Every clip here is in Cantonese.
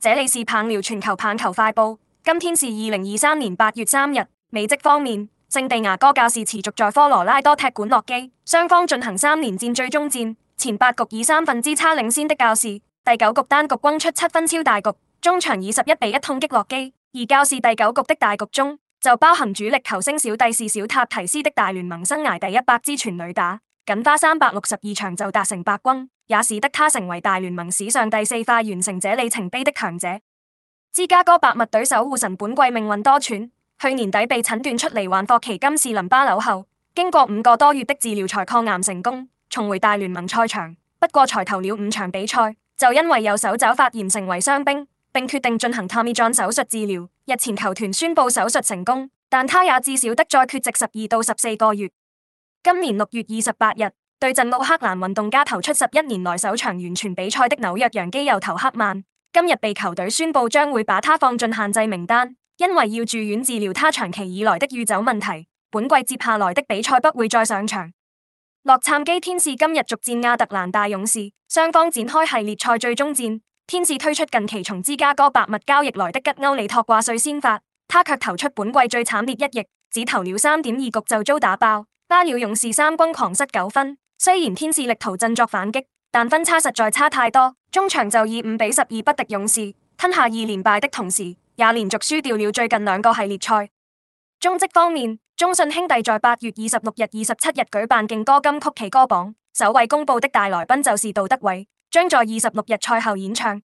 這裏是棒聊全球棒球快報，今天是二零二三年八月三日。美職方面，聖地牙哥教士持續在科羅拉多踢館落基，雙方進行三連戰最終戰。前八局以三分之差領先的教士，第九局單局轟出七分超大局，中場以十一比一痛擊落基。而教士第九局的大局中，就包含主力球星小弟是小塔提斯的大聯盟生涯第一百支全壘打。僅花三百六十二場就達成百轟，也使得他成為大聯盟史上第四快完成這里程碑的強者。芝加哥白襪隊守護神本季命運多舛，去年底被診斷出罹患霍奇金氏淋巴瘤後，經過五個多月的治療才抗癌成功，重回大聯盟賽場。不過，才投了五場比賽就因為右手肘發炎成為傷兵，並決定進行 Tommy John 手術治療。日前球團宣布手術成功，但他也至少得再缺席十二到十四個月。今年六月二十八日對陣奧克蘭運動家投出十一年來首場完全比賽的紐約洋基右投克曼，今日被球隊宣布將會把他放進限制名單，因為要住院治療他長期以來的酗酒問題。本季接下來的比賽不會再上場。洛杉磯天使今日逐戰亞特蘭大勇士，雙方展開系列賽最終戰。天使推出近期從芝加哥白襪交易來的吉歐里托掛帥先發，他卻投出本季最慘烈一役，只投了三點二局就遭打爆。巴鳥勇士三軍狂失九分，雖然天使力圖振作反擊，但分差實在差太多，終場就以五比十二不敵勇士，吞下二連敗的同時，也連續輸掉了最近兩個系列賽。中職方面，中信兄弟在八月二十六日、二十七日舉辦勁歌金曲奇歌榜，首位公布的大來賓就是杜德偉，將在二十六日賽後演唱。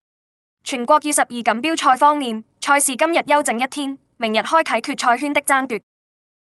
全國二十二錦標賽方面，賽事今日休整一天，明日開啟決賽圈的爭奪。